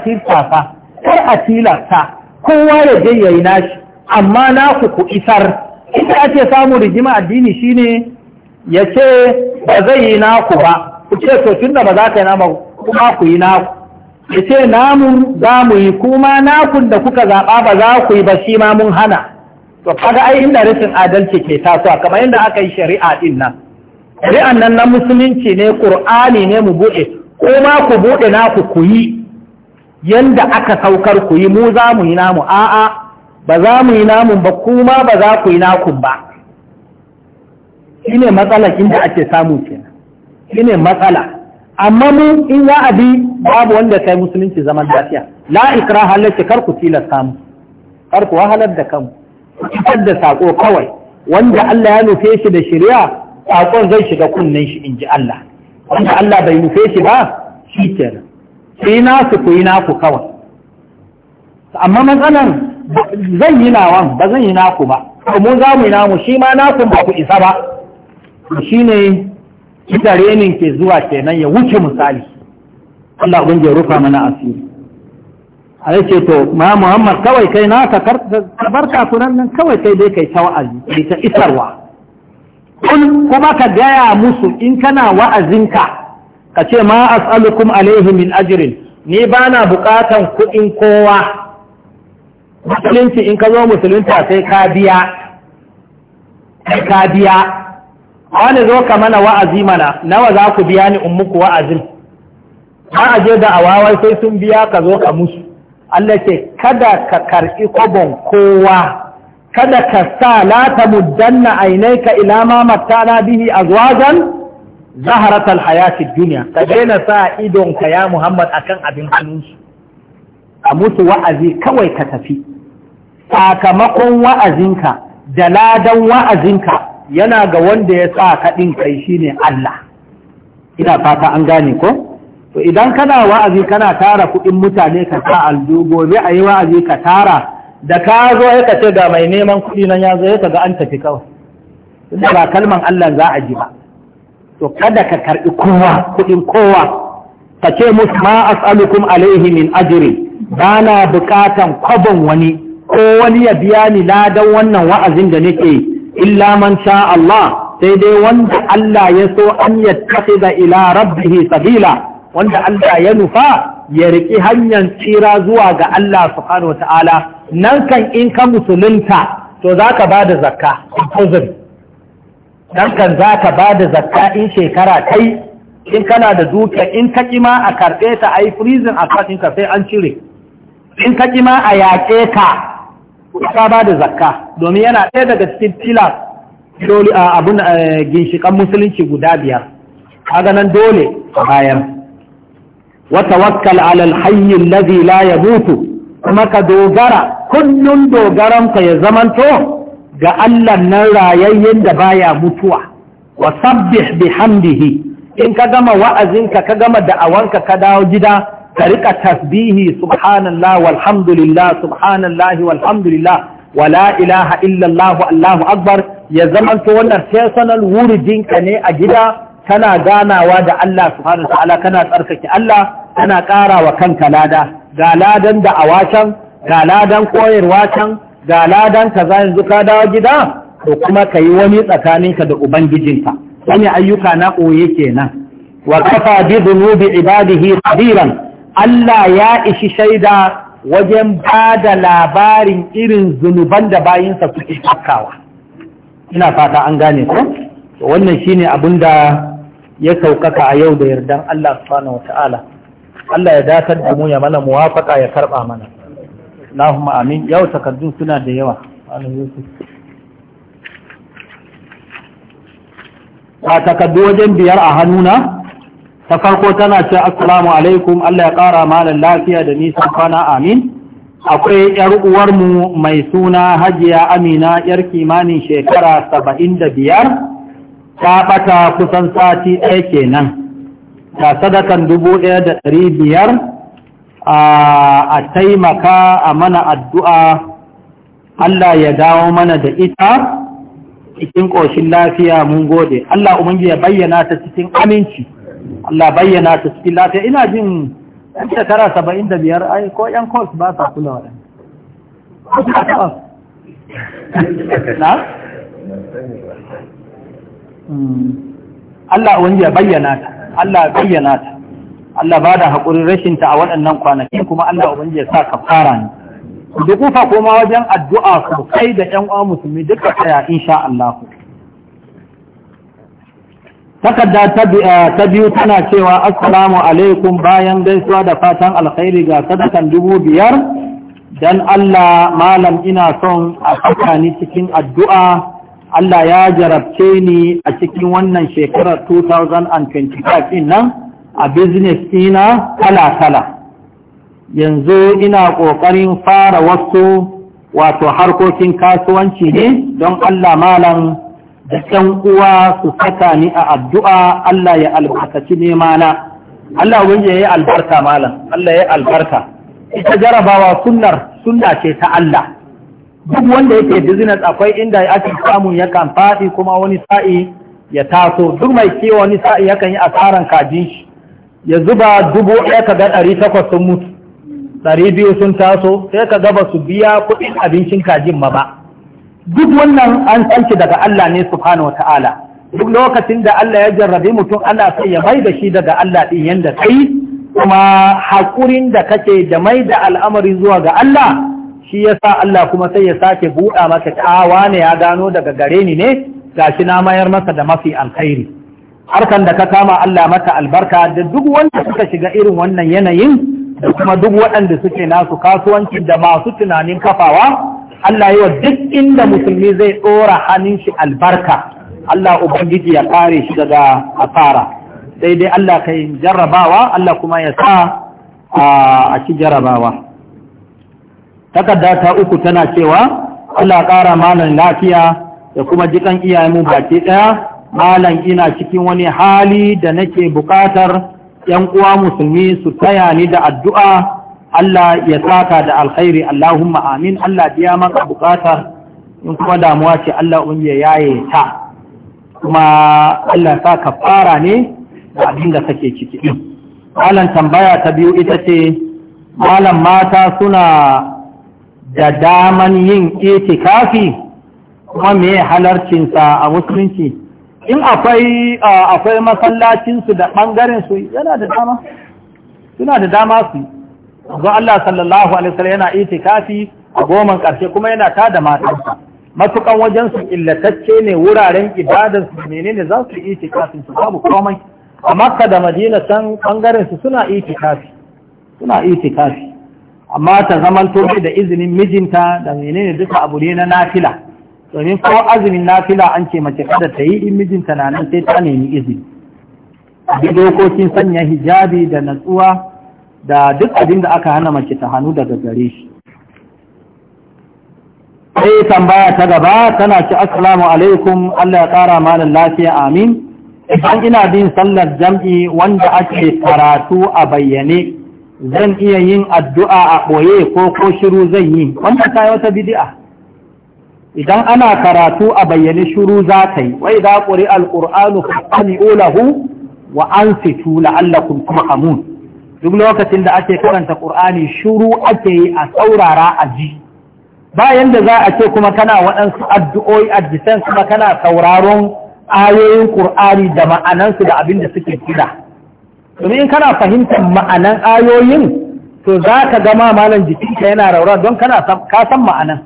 fa, kar a tilasta kowa ya je ya yi nashi amma na ku ku isar inda ake samu rigima addini shine ya ce ba zai yi naku ba ku ce to tunda ba za ka yi nama kuma ku yi naku ya ce namu za mu yi kuma nakun da kuka zaɓa ba za ku yi ba shi ma mun hana to kaga ai inda rashin adalci ke tasowa kamar yadda aka yi shari'a din nan shari'an nan na musulunci ne qur'ani ne mu bude ko ma ku bude naku ku yi yanda aka saukar ku yi mu za mu yi namu a'a ba za mu yi namu ba kuma ba za ku yi nakun ba shine matsala inda ake samu kenan shine matsala amma mu in za a bi babu wanda kai musulunci zaman lafiya la ikraha laki kar ku tilasta mu kar ku wahalar da kanku fitar da sako kawai wanda Allah ya nufe shi da shirya saƙon zai shiga kunnen shi in ji Allah wanda Allah bai nufe shi ba shi kenan sai na su ku yi naku kawai amma matsalan zan yi nawan ba zan yi naku ba mu za mu yi namu shi ma naku ba ku isa ba shi ne ita renin ke zuwa kenan ya wuce misali Allah ubangiji ya rufa mana asiri a ce to ma muhammad kawai kai na ka bar kunan nan kawai kai dai kai ta wa'azi kai ta isarwa kun kuma ka gaya musu in kana wa'azinka ka ce ma as'alukum alaihi min ajrin ni ba na bukatan kuɗin kowa musulunci in ka zo musulunta sai ka biya sai ka biya wani zo ka mana wa'azi mana nawa za ku biya ni in wa'azin ba a je da awawai sai sun biya ka zo ka musu Allah ce kada ka karɓi kobon kowa kada ka sa lata ta muddanna ainaika ila ma na bihi azwajan zaharatal hayatid dunya ka daina sa idon ka ya Muhammad akan abin hannunsu a musu wa'azi kawai ka tafi sakamakon wa'azinka da ladan wa'azinka yana ga wanda ya sa kaɗin kai shine Allah ina fata an gane ko to idan kana wa'azi kana tara kuɗin mutane ka sa aljo gobe a yi wa'azi ka tara da ka zo ya ka ga mai neman kuɗi nan ya zo ya ka ga an tafi kawai tunda ba kalman Allah za a ji ba to kada ka karɓi kowa kuɗin kowa ka ce musu ma as'alukum alaihi min ajri ba na buƙatan kwabon wani ko wani ya biya ni ladan wannan wa'azin da nake illa man sha Allah sai dai wanda Allah ya so an yattakhidha ila rabbihi sabila wanda Allah ya nufa ya riƙi hanyar tsira zuwa ga Allah subhanahu wata'ala nan kan in ka musulunta to za ka ba da zakka in nan kan za ka ba da zakka in shekara kai in kana da dukiya in ka ma a karɓe ta a yi freezing a ka sai an cire in ka ma a yaƙe ka ka ba da zakka domin yana ɗaya daga cikin tila dole abin eh, ginshiƙan musulunci guda biyar kaga nan dole a bayan wa tawakkal ala alhayy alladhi la yamutu kuma ka dogara kullun dogaranka ya zamanto ga Allah nan rayayyen da baya mutuwa wa sabbih bihamdihi in ka gama wa'azinka ka gama da'awanka ka dawo gida ka riƙa tasbihi subhanallah walhamdulillah subhanallah walhamdulillah wala ilaha illallah allahu akbar ya zamanto wannan personal wuridinka ne a gida kana ganawa da Allah subhanahu ta'ala kana tsarkake Allah kana ƙara wa kanka lada ga ladan da a ga ladan koyarwa can ga ladan ka za yanzu ka dawo gida to kuma ka yi wani tsakaninka da ubangijinka wani ayyuka na ɓoye kenan wa kafa bi zunubi ibadihi khabiran Allah ya ishi shaida wajen ba da labarin irin zunuban da bayinsa suke takawa ina fata an gane ko wannan shine abin da ya saukaka a yau da yardan Allah subhanahu ta'ala Allah ya datar da mu ya mana muwafaka ya karba mana Allahumma amin yau takardun suna da yawa a takardu wajen biyar a hannuna ta farko tana ce assalamu alaikum Allah ya ƙara malam lafiya da nisan kwana amin akwai yar uwarmu mai suna hajiya amina yar kimanin shekara saba'in da biyar ta ɓata kusan sati ɗaya kenan ta sadakan dubu ɗaya da ɗari biyar a taimaka a mana addu'a Allah ya dawo mana da ita cikin ƙoshin lafiya mun gode Allah umarji ya bayyana ta cikin aminci Allah bayyana ta cikin lafiya ina jin ɗan shekara saba'in da biyar ai ko ‘yan kos ba sa kula waɗanda na? Allah wani ya bayyana ta Allah ya bayyana ta Allah ba da haƙurin rashin ta a waɗannan kwanaki. kuma Allah wani ya sa ka fara ne duk kufa koma wajen addu'a kai da ƴan uwa musulmi duka tsaya insha Allah takarda eh, ta biyu tana cewa assalamu alaikum bayan gaisuwa da fatan alkhairi ga sadakan dubu biyar dan Allah malam ina son a saka cikin addu'a Allah ya jarabce ni a cikin wannan shekarar 2025 din nan a business ina kala-kala yanzu ina ƙoƙarin fara wasu wato harkokin kasuwanci ne don Allah malam da ɗan uwa su saka ni a addu'a Allah ya albarkaci nemana Allah wani ya yi albarka malam Allah ya albarka ita jarabawa sunnar sunna ce ta Allah duk wanda yake business akwai inda ake samun yakan faɗi kuma wani sa'i ya taso duk mai kiwo wani sa'i yakan yi asaran kajin shi ya zuba dubu ɗaya ka ga ɗari takwas sun mutu ɗari biyu sun taso sai ka gaba su biya kuɗin abincin kajin ma ba duk wannan an san shi daga Allah ne subhanahu wataala duk lokacin da Allah ya jarrabi mutum ana sai ya mai da shi daga Allah ɗin yadda kai kuma haƙurin da kake da mai da al'amari zuwa ga Allah shi ya sa Allah kuma sai ya sake buɗa masa ta'awa ne ya gano daga gare ni ne gashi na mayar masa da mafi alkhairi harkan da ka kama Allah mata albarka da duk wanda suka shiga irin wannan yanayin da kuma duk waɗanda suke nasu kasuwancin da masu tunanin kafawa Allah yi wa duk inda musulmi zai ɗora hannun shi albarka Allah Ubangiji ya kare shi daga asara sai dai Allah kai jarrabawa Allah kuma ya sa a shi jarrabawa takarda ta uku tana cewa Allah ƙara malam lafiya da kuma jikan iyayenmu baki ɗaya malam ina cikin wani hali da nake buƙatar ‘yan uwa musulmi su taya ni da addu'a Allah ya saka da alkhairi Allahumma amin Allah biya maka buƙatar in kuma damuwa ce Allah ya yaye ta kuma Allah sa ka fara ne da abin da kake ciki malam tambaya ta biyu ita ce malam mata suna da daman yin itikafi kuma me halarcinsa a musulunci in akwai akwai masallacinsu da ɓangaren su yana da dama suna da dama su ga Allah sallallahu alaihi wasallam yana itikafi a goman ƙarshe kuma yana tada matansa matukan wajen su illatacce ne wuraren ibadar su menene za su yi itikafin su babu komai a makka da madina san bangaren su suna itikafi suna itikafi amma ta zaman tobe da izinin mijinta da menene duka abu ne na nafila domin ko azumin nafila an ce mace kada ta yi in mijinta na nan sai ta nemi izini Bi dokokin sanya hijabi da natsuwa da duk abin da aka hana mace ta hannu daga gare shi sai tambaya ta gaba tana ci asalamu alaikum Allah ya kara malam lafiya amin idan ina bin sallar jam'i wanda ake karatu a bayyane zan iya yin addu'a a ɓoye ko ko shiru zan yi wannan ta yi wata bidi'a idan ana karatu a bayyane shiru za ta yi wai za ƙuri alƙur'anu fasani olahu wa an fitu la’allakun kuma hamun duk lokacin da ake karanta ƙur'ani shiru ake yi a saurara a ji bayan da za a ce kuma kana waɗansu addu'o'i jisan kuma kana sauraron ayoyin ƙur'ani da ma'anansu da abin da suke kira domin in kana fahimtar ma'anan ayoyin to za ka gama malam jikinka yana raura don kana ka san ma'anan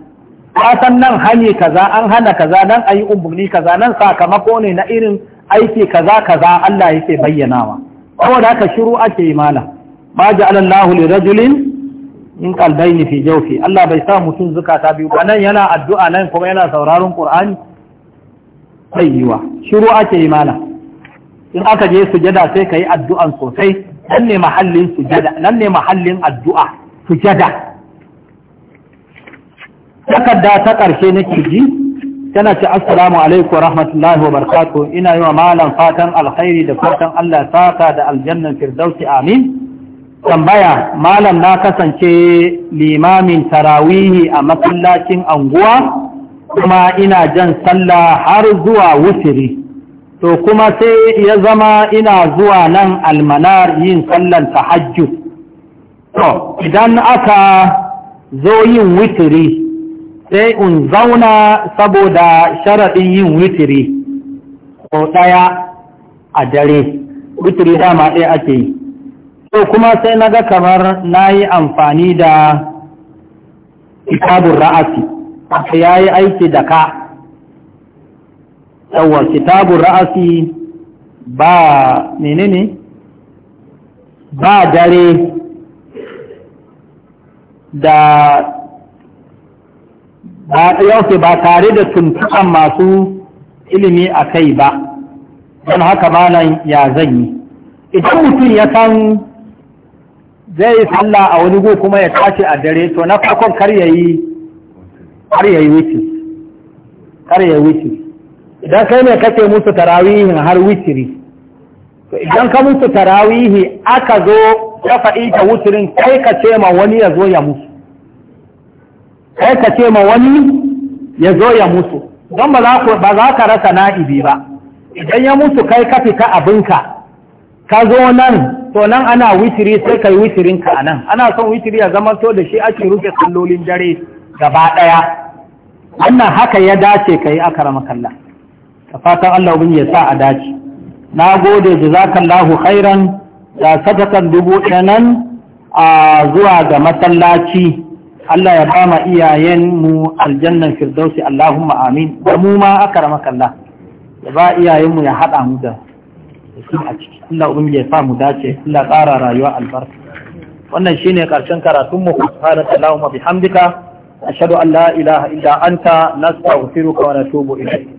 ka san nan hani kaza an hana kaza nan ayi umarni kaza nan sakamako ne na irin aiki kaza kaza Allah yake bayyanawa da haka shiru ake yi malam ma ja'alallahu rajulin in ne fi jawfi Allah bai sa mutum zukata biyu ba nan yana addu'a nan kuma yana sauraron Qur'ani yiwa, shiru ake yi in aka je sujada sai ka yi addu'an sosai nan ne mahallin sujada nan ne mahallin addu'a sujada takarda ta ƙarshe na ji tana ce assalamu alaikum rahmatullahi wa barakatuh ina yi wa malam fatan alkhairi da fatan Allah saka da aljannan firdausi amin tambaya malam na kasance limamin tarawihi a masallacin anguwa kuma ina jan sallah har zuwa wusiri to kuma sai ya zama ina zuwa nan almanar yin sallan tahajju to idan aka zo yin witiri sai in zauna saboda sharaɗin yin witiri ko ɗaya a dare witiri dama ɗaya ake yi to kuma sai na ga kamar na yi amfani da kitabun ra'asi ya yi aiki da ka yawwa kitabun ra'asi ba menene ba dare da yauke ba tare da tuntukan masu ilimi a kai ba don haka nan ya zan yi idan mutum ya san zai yi sallah a wani go kuma ya tashi a dare to na farkon kar ya yi wuce idan kai ne kake musu tarawihin har witiri to idan ka musu tarawihi aka zo ya faɗi ta witirin kai ka ce ma wani ya zo ya musu kai ka ce ma wani ya zo ya musu don ba za ka rasa na'ibi ba idan ya musu kai ka fita abinka ka zo nan to nan ana witiri sai kai witirinka a nan ana son witiri ya zama to da shi ake rufe sallolin dare gaba ɗaya wannan haka ya dace ka yi a kalla. da fatan Allah bin ya sa a dace na gode kallahu khairan da sadakan dubu ɗanan a zuwa ga masallaci Allah ya bama iyayenmu aljannan firdausi Allahumma amin da mu ma kalla. ya ba iyayenmu ya haɗa mu da su a ciki Allah ubin ya sa mu dace Allah ƙara rayuwa albarka wannan shine karshen karatun mu subhanaka allahumma bihamdika ashhadu an la ilaha illa anta nastaghfiruka wa natubu ilayk